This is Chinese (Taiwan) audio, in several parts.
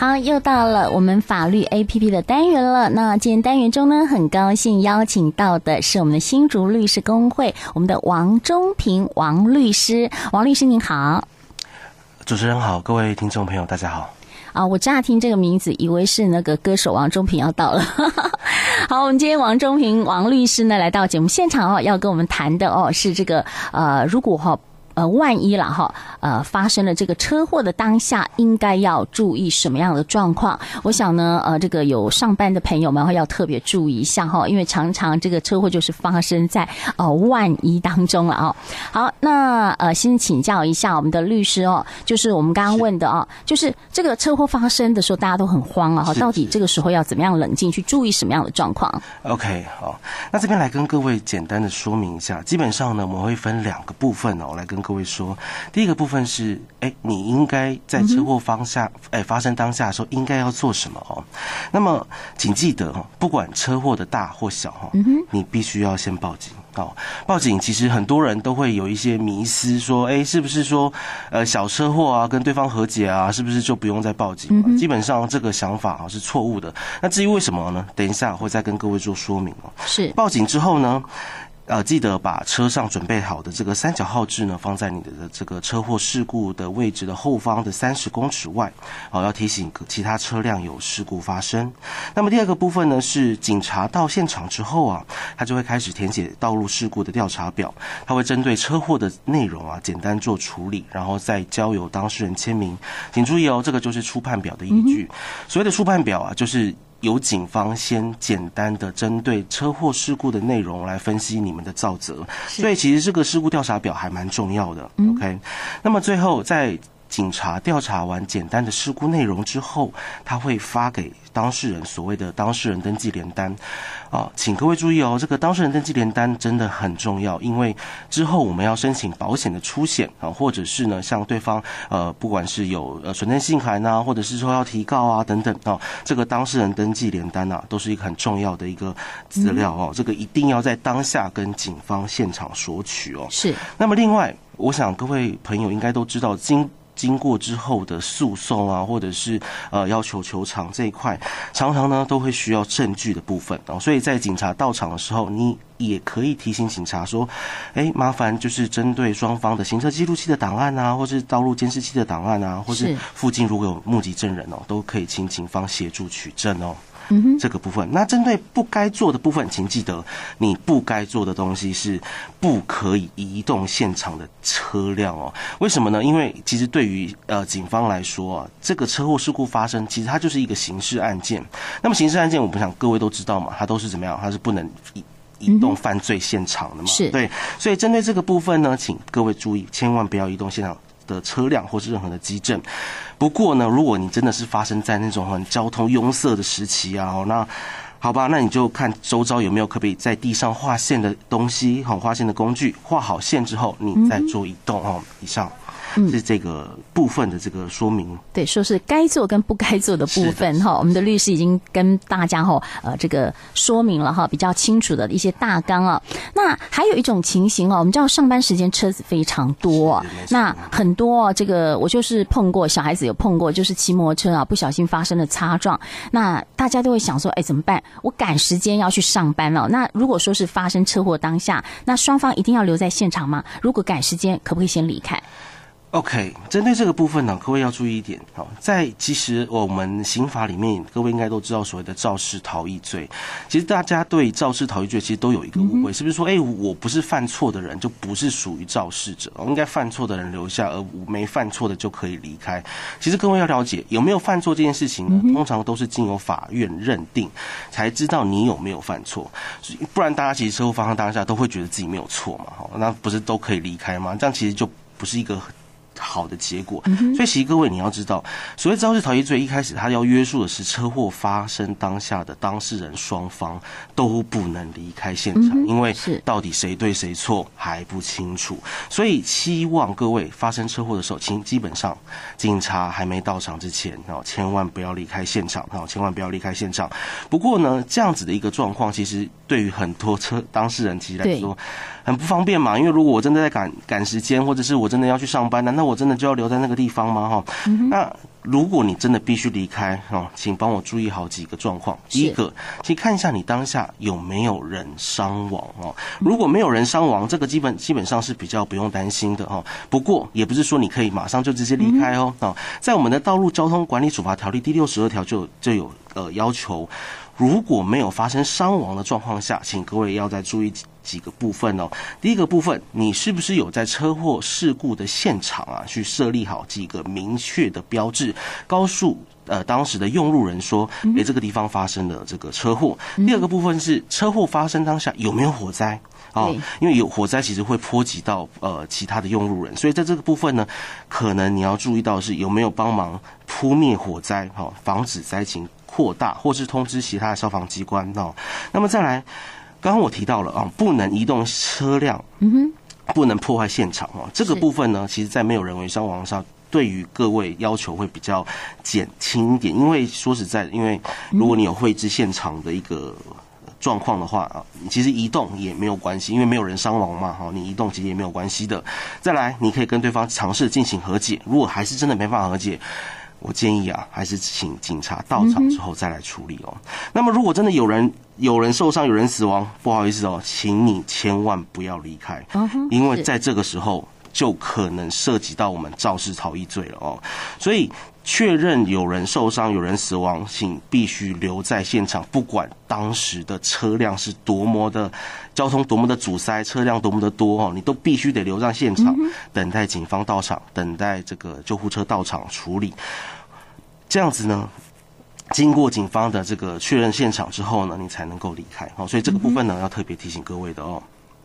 好，又到了我們法律 APP 的單元了。那今天單元中呢，很高興邀請到的是我們的新竹律師公會，我們的王中平王律師。王律師您好，主持人好，各位聽眾朋友大家好。啊，我乍聽這個名字，以為是那個歌手王中平要到了。 好，我們今天王中平王律師呢，來到節目現場哦，要跟我們談的哦，是這個呃，如果哈、哦。呃，萬一了哈，呃，發生了這個車禍的當下，應該要注意什麼樣的狀況？我想呢，呃，這個有上班的朋友們，會要特別注意一下哈，因為常常這個車禍就是發生在呃萬一當中了啊。好，那呃，先請教一下我們的律師哦，就是我們剛剛問的哦，就是這個車禍發生的時候，大家都很慌啊，到底這個時候要怎麼樣冷靜去注意什麼樣的狀況？OK，好，那這邊來跟各位簡單的說明一下，基本上呢，我們會分兩個部分哦，來跟各。各位說，第一個部分是，哎，你應該在車禍方下，哎，發生當下的時候應該要做什麼哦？那麼，請記得哈，不管車禍的大或小哈，你必須要先報警。哦，報警其實很多人都會有一些迷思，說，哎，是不是說，呃，小車禍啊，跟對方和解啊，是不是就不用再報警了啊，嗯？基本上這個想法啊是錯誤的。那至於為什麼呢？等一下我會再跟各位做說明哦。是，報警之後呢？呃，記得把車上準備好的這個三角號志呢，放在你的這個車禍事故的位置的後方的三十公尺外，好，哦，要提醒其他車輛有事故發生。那麼第二個部分呢，是警察到現場之後啊，他就會開始填寫道路事故的調查表，他會針對車禍的內容啊，簡單做處理，然後再交由當事人簽名。請注意哦，這個就是初判表的依據。嗯，所謂的初判表啊，就是。由警方先簡單的針對車禍事故的內容來分析你們的肇責，所以其實這個事故調查表還蠻重要的、嗯。OK，那麼最後在。警察調查完簡單的事故內容之後，他會發給當事人所謂的當事人登記聯單，啊，請各位注意哦，這個當事人登記聯單真的很重要，因為之後我們要申請保險的出險啊，或者是呢向對方呃，不管是有呃存證信函啊，或者是說要提告啊等等啊，這個當事人登記聯單吶、啊，都是一個很重要的一個資料哦、嗯，這個一定要在當下跟警方現場索取哦。是。那麼另外，我想各位朋友應該都知道，今經過之後的訴訟啊，或者是呃要求求償這一塊，常常呢都會需要證據的部分啊、哦，所以在警察到場的時候，你也可以提醒警察說，誒，麻煩就是針對雙方的行車記錄器的檔案啊，或是道路監視器的檔案啊，或是附近如果有目擊證人哦，都可以請警方協助取證哦。這個部分，那針對不該做的部分，請記得，你不該做的東西是不可以移動現場的車輛哦。為什麼呢？因為其實對於呃警方來說，啊，這個車禍事故發生，其實它就是一個刑事案件。那麼刑事案件，我們想各位都知道嘛，它都是怎麼樣？它是不能移移動犯罪現場的嘛，嗯？對。所以針對這個部分呢，請各位注意，千萬不要移動現場。的車輛或是任何的跡證，不過呢，如果你真的是發生在那種很交通擁塞的時期啊，那好吧，那你就看周遭有沒有可可以在地上畫線的東西，好畫線的工具，畫好線之後，你再做移動哦、嗯。以上。是這個部分的這個說明、嗯，對，說是該做跟不該做的部分哈。我們的律師已經跟大家哈，呃，這個說明了哈，比較清楚的一些大綱啊、哦。那還有一種情形哦，我們知道上班時間車子非常多，那很多、哦、這個我就是碰過，小孩子有碰過，就是騎摩托車啊，不小心發生了擦撞。那大家都會想說，哎，怎麼辦？我趕時間要去上班了、哦。那如果說是發生車禍當下，那雙方一定要留在現場嗎？如果趕時間，可不可以先離開？OK，針對這個部分呢，各位要注意一點好，在其實我們刑法裡面，各位應該都知道所謂的肇事逃逸罪。其實大家對肇事逃逸罪其實都有一個誤會，嗯、是不是說，哎、欸，我不是犯錯的人，就不是屬於肇事者，我應該犯錯的人留下，而我沒犯錯的就可以離開？其實各位要了解，有沒有犯錯這件事情呢？通常都是經由法院認定，才知道你有沒有犯錯。不然大家其實車禍發生當下都會覺得自己沒有錯嘛，哈，那不是都可以離開嗎？這樣其實就不是一個。好的結果，所以其實各位你要知道，所謂肇事逃逸罪，一開始他要約束的是車禍發生當下的當事人雙方都不能離開現場、嗯是，因為到底誰對誰錯還不清楚。所以希望各位發生車禍的時候，請基本上警察還沒到場之前，哦，千萬不要離開現場，哦，千萬不要離開現場。不過呢，這樣子的一個狀況，其實對於很多車當事人其實來說很不方便嘛，因為如果我真的在趕趕時間，或者是我真的要去上班的，那。我真的就要留在那個地方嗎？哈，那如果你真的必須離開哈，請幫我注意好幾個狀況。第一個，請看一下你當下有沒有人傷亡哦。如果沒有人傷亡，這個基本基本上是比較不用擔心的哈，不過，也不是說你可以馬上就直接離開哦。在我們的《道路交通管理處罰條例》第六十二條就有就有呃要求，如果沒有發生傷亡的狀況下，請各位要再注意。幾個部分哦，第一個部分，你是不是有在車禍事故的現場啊，去設立好幾個明確的標誌，告訴呃，當時的用路人說，誒、嗯、這個地方發生了這個車禍。嗯、第二個部分是車禍發生當下有沒有火災啊、哦？因為有火災其實會波及到呃其他的用路人，所以在這個部分呢，可能你要注意到是有沒有幫忙撲滅火災，好、哦，防止災情擴大，或是通知其他的消防機關哦。那麼再來。剛剛我提到了啊，不能移動車輛，嗯哼，不能破壞現場啊、嗯。這個部分呢，其實，在沒有人為傷亡上，對於各位要求會比較減輕一點。因為說實在，因為如果你有繪制現場的一個狀況的話啊，其實移動也沒有關係，因為沒有人傷亡嘛，哈，你移動其實也沒有關係的。再來，你可以跟對方嘗試進行和解，如果還是真的沒辦法和解。我建議啊，還是請警察到場之後再來處理哦。嗯、那麼，如果真的有人有人受傷、有人死亡，不好意思哦，請你千萬不要離開，嗯、因為在這個時候就可能涉及到我們肇事逃逸罪了哦。所以。確認有人受傷、有人死亡，請必須留在現場，不管當時的車輛是多麼的交通、多麼的阻塞、車輛多麼的多哦，你都必須得留在現場，等待警方到場，等待這個救護車到場處理。這樣子呢，經過警方的這個確認現場之後呢，你才能夠離開哦。所以這個部分呢，要特別提醒各位的哦，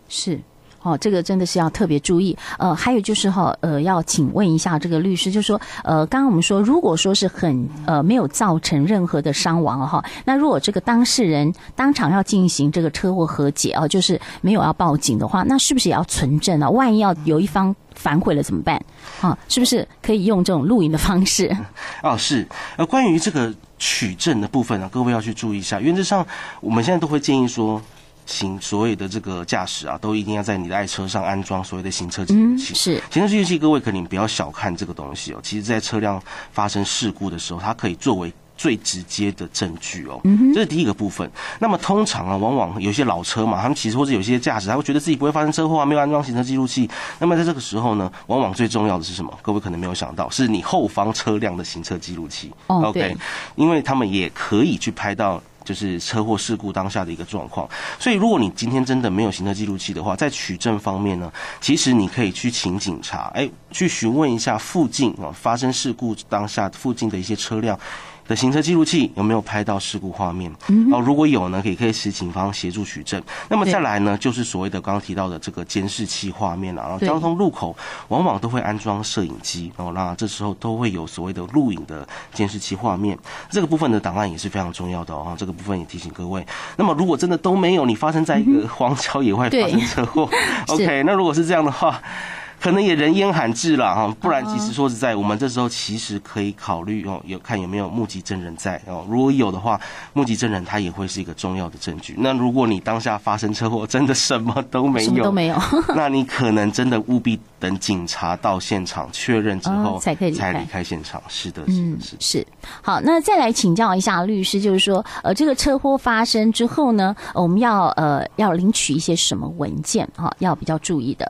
是。哦，這個真的是要特別注意。呃，還有就是哈，呃，要請問一下這個律師，就是說，呃，剛剛我們說，如果說是很呃沒有造成任何的傷亡哈、哦，那如果這個當事人當場要進行這個車禍和解哦，就是沒有要報警的話，那是不是也要存證啊？萬一要有一方反悔了怎麼辦？啊、哦，是不是可以用這種錄音的方式？哦，是。呃，關於這個取證的部分呢、啊，各位要去注意一下，原則上我們現在都會建議說，行所有的這個駕駛啊，都一定要在你的愛車上安裝所謂的行車記錄器、嗯。是，行車記錄器，各位可能你們不要小看這個東西哦、喔。其實，在車輛發生事故的時候，它可以作為最直接的證據哦、喔嗯。這是第一個部分。那麼，通常啊，往往有些老車嘛，他們其實或者有些駕駛，他會覺得自己不會發生車禍啊，沒有安裝行車記錄器。那麼，在這個時候呢，往往最重要的是什麼？各位可能沒有想到，是你後方車輛的行車記錄器。哦，k、OK、因為他們也可以去拍到。就是車禍事故當下的一個狀況，所以如果你今天真的沒有行車記錄器的話，在取證方面呢，其實你可以去請警察，哎，去詢問一下附近啊，發生事故當下附近的一些車輛。的行車記錄器有沒有拍到事故畫面，嗯？哦，如果有呢，也可，可以使警方協助取證。那麼再來呢，就是所謂的剛剛提到的這個監視器畫面了，啊。然後交通路口往往都會安裝攝影機，哦，那這時候都會有所謂的錄影的監視器畫面。這個部分的檔案也是非常重要的哦。這個部分也提醒各位。那麼如果真的都沒有，你發生在一個荒郊野外發生車禍、嗯、 ，OK？那如果是這樣的話。可能也人煙罕至了哈，不然其實說實在，我們這時候其實可以考慮哦，有看有沒有目擊證人在哦。如果有的話，目擊證人他也會是一個重要的證據。那如果你當下發生車禍，真的什麼都沒有，都沒有，那你可能真的務必等警察到現場確認之後， 哦、才可以才離開現場。是的，是的，是的、嗯，是。好，那再來請教一下律師，就是說，呃，這個車禍發生之後呢，呃、我們要呃要領取一些什麼文件？哈、呃，要比較注意的。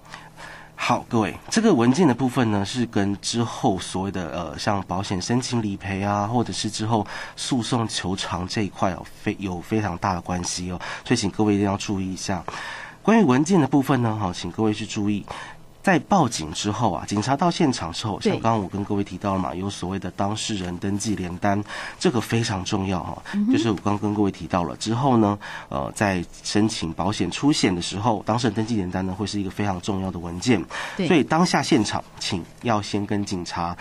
好，各位，這個文件的部分呢，是跟之後所謂的呃，像保險申請理賠啊，或者是之後訴訟求償這一塊有、啊、非有非常大的關係哦，所以請各位一定要注意一下，關於文件的部分呢，好，請各位去注意。在報警之後啊，警察到現場之後，像剛剛我跟各位提到了嘛，有所謂的當事人登記聯單，這個非常重要哈、啊，就是我剛剛跟各位提到了之後呢，呃，在申請保險出險的時候，當事人登記聯單呢會是一個非常重要的文件，所以當下現場，請要先跟警察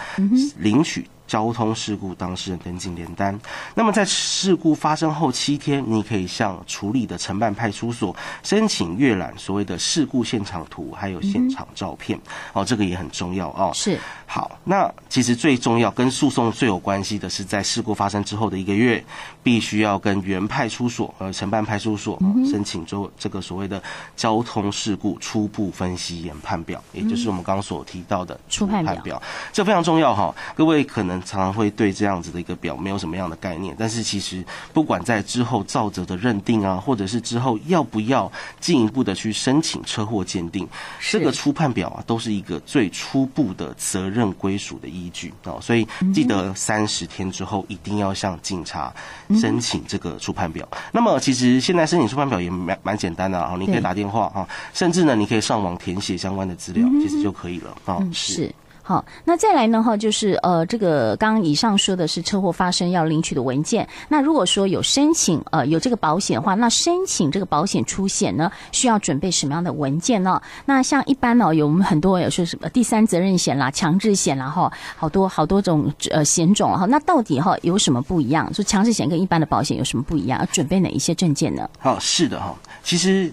領取。交通事故當事人登記聯單。那麼，在事故發生後七天，你可以向處理的承辦派出所申請閱覽所謂的事故現場圖，還有現場照片、嗯。哦，這個也很重要啊。是。好，那其實最重要、跟訴訟最有關係的是，在事故發生之後的一個月，必須要跟原派出所、呃承辦派出所、哦、申請做這個所謂的交通事故初步分析研判表，嗯、也就是我們剛剛所提到的初判，初判表。這非常重要哈、啊，各位可能。常常會對這樣子的一個表沒有什麼樣的概念，但是其實不管在之後肇責的認定啊，或者是之後要不要進一步的去申請車禍鑑定，這個初判表啊都是一個最初步的責任歸屬的依據哦。所以記得三十天之後一定要向警察申請這個初判表。嗯、那麼其實現在申請初判表也蠻蠻簡單的啊，你可以打電話啊，甚至呢你可以上網填寫相關的資料，嗯、其實就可以了啊、哦嗯。是。好，那再來呢？哈，就是呃，這個剛剛以上說的是車禍發生要領取的文件。那如果說有申請呃有這個保險的話，那申請這個保險出險呢，需要準備什麼樣的文件呢？那像一般呢、哦，有我們很多有說什麼第三責任險啦、強制險啦哈，好多好多種呃險種哈。那到底哈有什麼不一樣？就強制險跟一般的保險有什麼不一樣？要準備哪一些證件呢？哦，是的哈、哦，其實。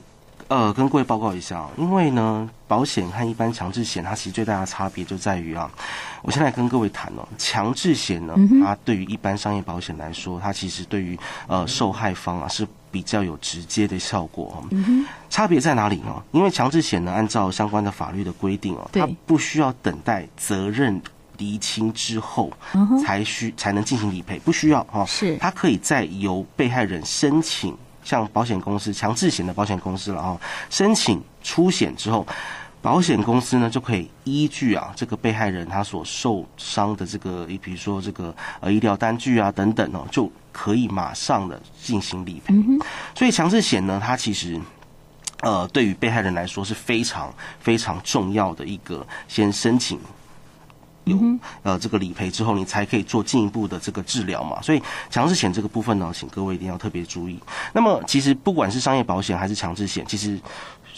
呃，跟各位報告一下，因為呢，保險和一般強制險，它其實最大的差別就在於啊，我現在跟各位談哦、啊，強制險呢、嗯，它對於一般商業保險來說，它其實對於呃受害方啊是比較有直接的效果、嗯哼。差別在哪裡呢？因為強制險呢，按照相關的法律的規定哦、啊，它不需要等待責任釐清之後、嗯、才需才能進行理賠，不需要哈、啊，是它可以再由被害人申請。像保險公司強制險的保險公司，公司了啊。申請出險之後，保險公司呢就可以依據啊這個被害人他所受傷的這個，一比如說這個呃醫療單據啊等等哦、啊，就可以馬上的進行理賠、嗯。所以強制險呢，它其實呃對於被害人來說是非常非常重要的一個先申請。有呃，這個理賠之後，你才可以做進一步的這個治療嘛。所以強制險這個部分呢，請各位一定要特別注意。那麼，其實不管是商業保險還是強制險，其實。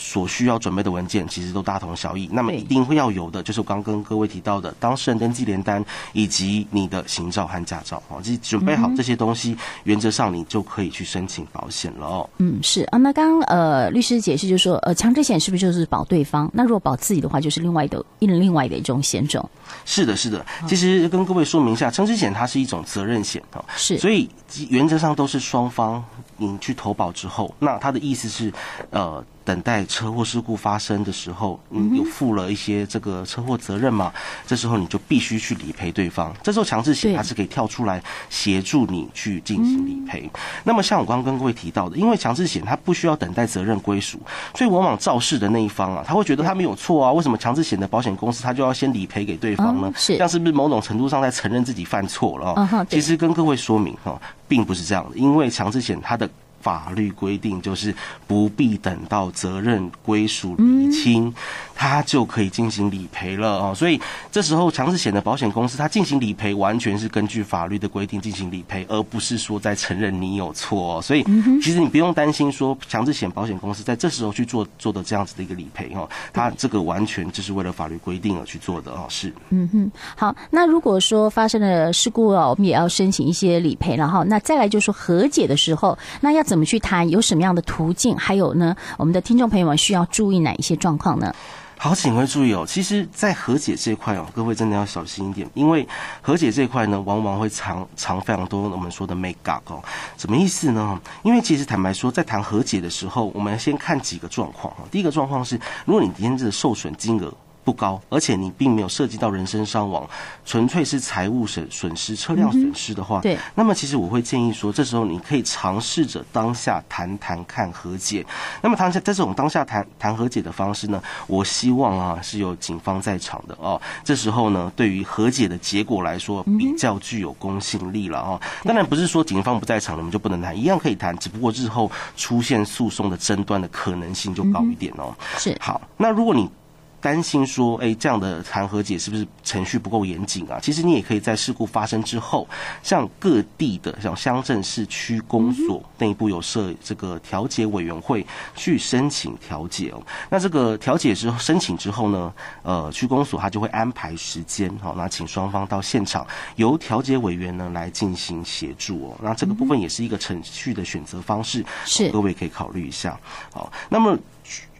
所需要準備的文件其實都大同小異，那麼一定會要有的就是我剛跟各位提到的當事人登記聯單以及你的行照和駕照好、哦，就準備好這些東西，嗯、原則上你就可以去申請保險了哦。嗯，是啊，那剛呃律師解釋就是說，呃強制險是不是就是保對方？那如果保自己的話，就是另外的另另外的一種險種？是的，是的、哦。其實跟各位說明一下，強制險它是一種責任險哦，是，所以原則上都是雙方你去投保之後，那他的意思是，呃。等待車禍事故發生的時候，你有負了一些這個車禍責任嘛？嗯、這時候你就必須去理賠對方。這時候強制險它是可以跳出來協助你去進行理賠、嗯。那麼像我剛剛跟各位提到的，因為強制險它不需要等待責任歸屬，所以往往肇事的那一方啊，他會覺得他沒有錯啊，為什麼強制險的保險公司他就要先理賠給對方呢、哦是？這樣是不是某種程度上在承認自己犯錯了、啊哦？其實跟各位說明哈、啊，並不是這樣的，因為強制險它的。法律規定就是不必等到責任歸屬釐清、嗯，他就可以進行理賠了哦。所以這時候強制險的保險公司，他進行理賠完全是根據法律的規定進行理賠，而不是說在承認你有錯。所以其實你不用擔心說強制險保險公司在這時候去做做的這樣子的一個理賠哦，他這個完全就是為了法律規定而去做的哦。是，嗯哼，好，那如果說發生了事故哦，我們也要申請一些理賠，然後那再來就說和解的時候，那要。怎麼去談？有什麼樣的途徑？還有呢？我們的聽眾朋友們需要注意哪一些狀況呢？好，請各位注意哦。其實，在和解這塊哦，各位真的要小心一點，因為和解這塊呢，往往會藏藏非常多我們說的 make up 哦。什麼意思呢？因為其實坦白說，在談和解的時候，我們要先看幾個狀況哈。第一個狀況是，如果你今天這個受損金額。不高，而且你並沒有涉及到人身傷亡，純粹是財物損損失、車輛損失的話，嗯，對。那麼其實我會建議說，這時候你可以嘗試着當下談談看和解。那麼當下在這種當下談談和解的方式呢，我希望啊是有警方在場的哦。這時候呢，對於和解的結果來說，比較具有公信力了哦，嗯。當然不是說警方不在場，我們就不能談，一樣可以談，只不過日後出現訴訟的爭端的可能性就高一點哦。嗯、是。好，那如果你。擔心說，哎、欸，這樣的談和解是不是程序不夠嚴謹啊？其實你也可以在事故發生之後，像各地的像鄉鎮、市區公所內部有設這個調解委員會，去申請調解、喔。那這個調解之後，申請之後呢，呃，區公所他就會安排時間，好，那請雙方到現場，由調解委員呢來進行協助哦、喔。那這個部分也是一個程序的選擇方式，是、喔、各位可以考慮一下。好，那麼。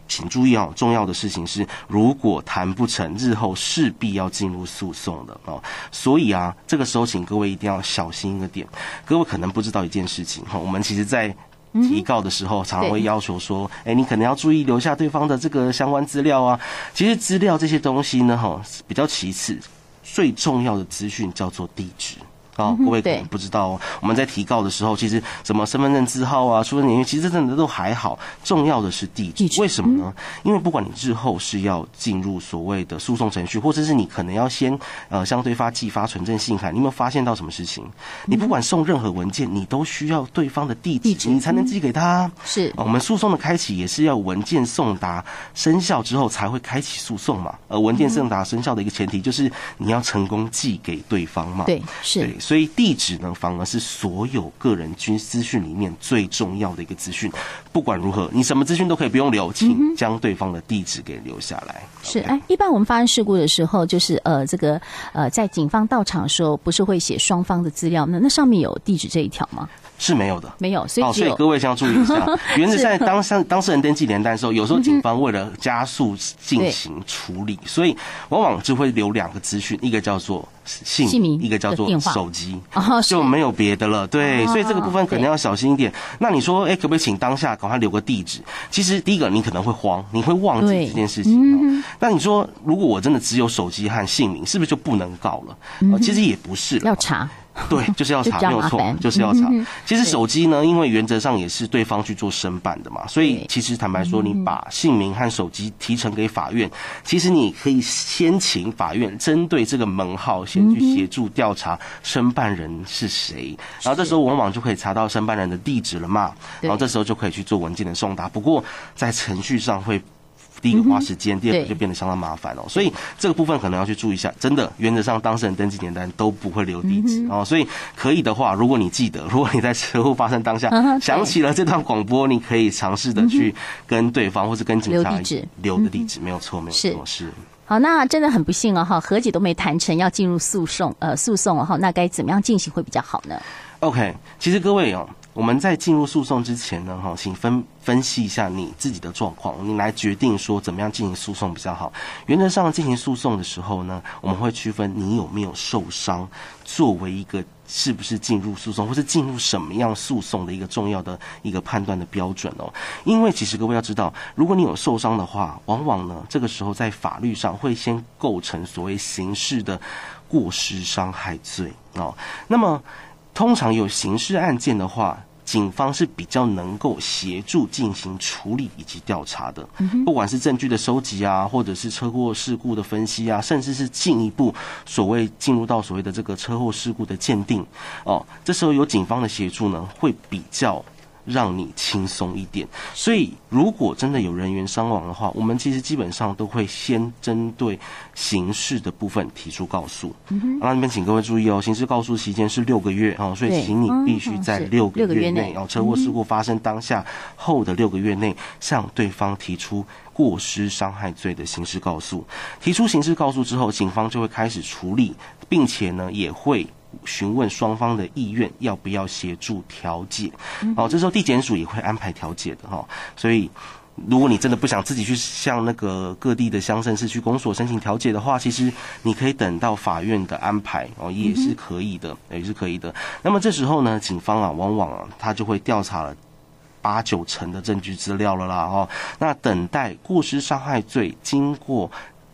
請注意哦，重要的事情是，如果談不成，日後勢必要進入訴訟的哦。所以啊，這個時候請各位一定要小心一個點。各位可能不知道一件事情哈，我們其實在提告的時候，嗯、常常會要求說，哎、欸，你可能要注意留下對方的這個相關資料啊。其實資料這些東西呢，哈，比較其次，最重要的資訊叫做地址。好、哦，各位可能不知道、哦嗯，我們在提告的時候，其實什麼身份證字號啊、出生年月，其實這真的都還好。重要的是地址，為什麼呢？嗯、因為不管你日後是要進入所謂的訴訟程序，或者是你可能要先呃向對方寄發存證信函，你有沒有發現到什麼事情、嗯？你不管送任何文件，你都需要對方的地址，你才能寄給他。嗯、是、哦、我們訴訟的開啟也是要文件送達生效之後才會開啟訴訟嘛？而、呃、文件送達生效的一個前提就是你要成功寄給對方嘛？嗯、對，是。所以地址呢，反而是所有個人軍資訊裡面最重要的一個資訊。不管如何，你什麼資訊都可以不用留，請將對方的地址給留下來。嗯、是，哎、欸，一般我們發生事故的時候，就是呃，這個呃，在警方到場的時候，不是會寫雙方的資料，那那上面有地址這一條嗎？是沒有的，沒有，所以所以各位先要注意一下。 原則在當上當事人登記聯單的時候，有時候警方為了加速進行處理，嗯，所以往往就會留兩個資訊，一個叫做姓，姓名，一個叫做手機，哦，就沒有別的了。對，啊，所以這個部分可能要小心一點。那你說，哎，欸，可不可以請當下趕快留個地址？其實第一個你可能會慌，你會忘記這件事情。嗯，那你說，如果我真的只有手機和姓名，是不是就不能告了？嗯，其實也不是了，要查。 對，就是要查，啊、沒有錯、嗯，就是要查。其實手機呢，因為原則上也是對方去做申辦的嘛，所以其實坦白說，你把姓名和手機提呈給法院，其實你可以先請法院針對這個門號先去協助調查申辦人是誰，嗯、然後這時候往往就可以查到申辦人的地址了嘛，然後這時候就可以去做文件的送達。不過在程序上會。第一個花時間、嗯，第二個就變得相當麻煩哦，所以這個部分可能要去注意一下。真的，原則上當事人登記簡單，單都不會留地址、嗯、哦，所以可以的話，如果你記得，如果你在車禍發生當下、嗯、想起了這段廣播、嗯，你可以嘗試的去跟對方、嗯、或是跟警察留留的地址，沒有錯，沒有錯。是。好，那真的很不幸哦，哈，和解都沒談成，要進入訴訟，呃，訴訟哦，哈，那該怎麼樣進行會比較好呢？OK，其實各位哦。我們在進入訴訟之前呢，哈，請分分析一下你自己的狀況，你來決定說怎麼樣進行訴訟比較好。原則上進行訴訟的時候呢，我們會區分你有沒有受傷，作為一個是不是進入訴訟或是進入什麼樣訴訟的一個重要的一個判斷的標準哦。因為其實各位要知道，如果你有受傷的話，往往呢這個時候在法律上會先構成所謂刑事的過失傷害罪哦。那麼。通常有刑事案件的話，警方是比較能夠協助進行處理以及調查的。不管是證據的收集啊，或者是車禍事故的分析啊，甚至是進一步所謂進入到所謂的這個車禍事故的鑑定哦，這時候有警方的協助呢，會比較。讓你輕鬆一點。所以，如果真的有人員傷亡的話，我們其實基本上都會先針對刑事的部分提出告訴。嗯啊、那這邊請各位注意哦，刑事告訴期間是六個月啊，所以請你必須在六個月內，嗯嗯、六個月內啊，車禍事故發生當下後的六個月內，嗯、向對方提出過失傷害罪的刑事告訴。提出刑事告訴之後，警方就會開始處理，並且呢，也會。詢問雙方的意願，要不要協助調解？哦，這時候地檢署也會安排調解的哈、哦。所以，如果你真的不想自己去向那個各地的鄉鎮市區公所申請調解的話，其實你可以等到法院的安排哦，也是可以的、嗯，也是可以的。那麼這時候呢，警方啊，往往、啊、他就會調查了八九成的證據資料了啦。哈、哦，那等待過失傷害罪經過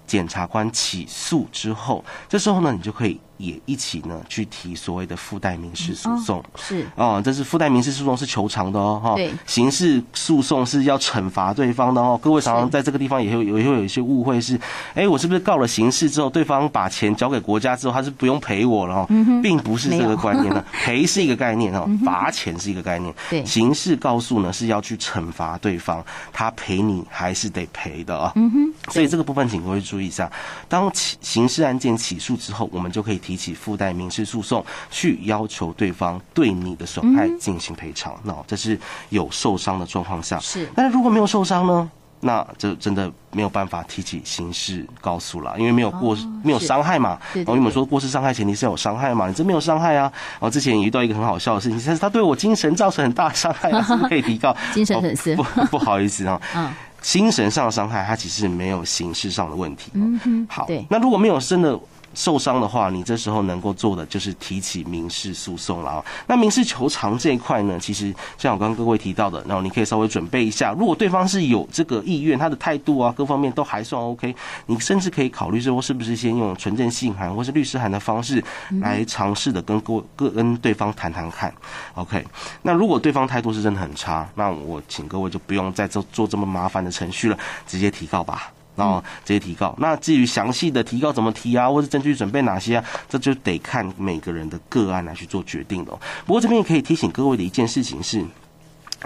檢察官起訴之後，這時候呢，你就可以。也一起呢去提所謂的附帶民事訴訟、哦，是啊、哦，這是附帶民事訴訟是求償的哦，哈，對，刑事訴訟是要懲罰對方的哦。各位常常在這個地方也會也會有一些誤會是，是，哎、欸，我是不是告了刑事之後，對方把錢交給國家之後，他是不用賠我了哦、嗯，並不是這個觀念的，賠 是一個概念哦，罰錢是一個概念，嗯、對，刑事告訴呢是要去懲罰對方，他賠你還是得賠的啊、哦，嗯哼，所以這個部分請各位注意一下，當起刑事案件起訴之後，我們就可以提。提起附帶民事訴訟，去要求對方對你的損害進行賠償，那、嗯、這是有受傷的狀況下。是，但是如果沒有受傷呢？那就真的沒有辦法提起刑事告訴了，因為沒有過、哦、沒有傷害嘛。然後我們說過失傷害前提是要有傷害嘛，你這沒有傷害啊。然、哦、後之前也遇到一個很好笑的事情，但是他對我精神造成很大的傷害啊， 是不是可以提告精神損失、 哦。不不好意思啊、嗯，精神上的傷害他其實沒有刑事上的問題。嗯哼，好，那如果沒有真的。受傷的話，你這時候能夠做的就是提起民事訴訟了啊。那民事求償這一塊呢，其實像我剛剛跟各位提到的，然後你可以稍微準備一下。如果對方是有這個意願，他的態度啊，各方面都還算 OK，你甚至可以考慮說是不是先用存證信函或是律師函的方式來嘗試的跟各各跟對方談談看。OK，那如果對方態度是真的很差，那我請各位就不用再做做這麼麻煩的程序了，直接提告吧。哦，這些提告。那至於詳細的提告怎麼提啊，或是證據準備哪些啊，這就得看每個人的個案來去做決定了，哦。不過這邊也可以提醒各位的一件事情是，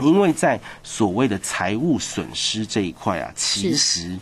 因為在所謂的財務損失這一塊啊，其實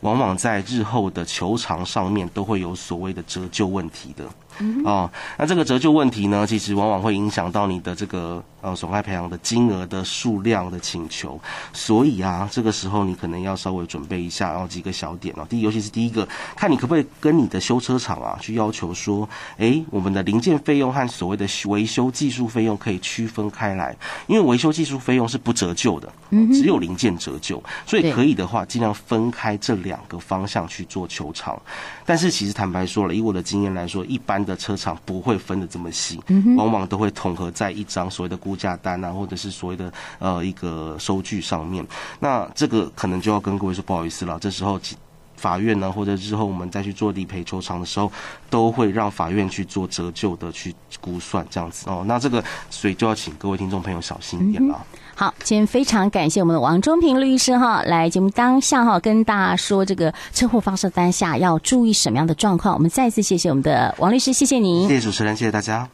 往往在日後的求償上面都會有所謂的折舊問題的。嗯、哦、啊，那這個折舊問題呢，其實往往會影響到你的這個。呃、哦，損害賠償的金額的數量的請求，所以啊，這個時候你可能要稍微準備一下，然後幾個小點啊。第一，尤其是第一個，看你可不可以跟你的修車廠啊，去要求說，誒、欸，我們的零件費用和所謂的維修技術費用可以區分開來，因為維修技術費用是不折舊的，只有零件折舊，所以可以的話，盡量分開這兩個方向去做求償。但是其實坦白說了，以我的經驗來說，一般的車廠不會分得這麼細，往往都會統合在一張所謂的物價單啊，或者是所謂的呃一個收據上面，那這個可能就要跟各位說不好意思了。這時候法院呢，或者日後我們再去做理賠求償的時候，都會讓法院去做折舊的去估算這樣子哦。那這個所以就要請各位聽眾朋友小心一點了。嗯、好，今天非常感謝我們的王中平律師哈，來節目當下哈，跟大家說這個車禍發生當下要注意什麼樣的狀況。我們再次謝謝我們的王律師，謝謝您。謝謝主持人，謝謝大家。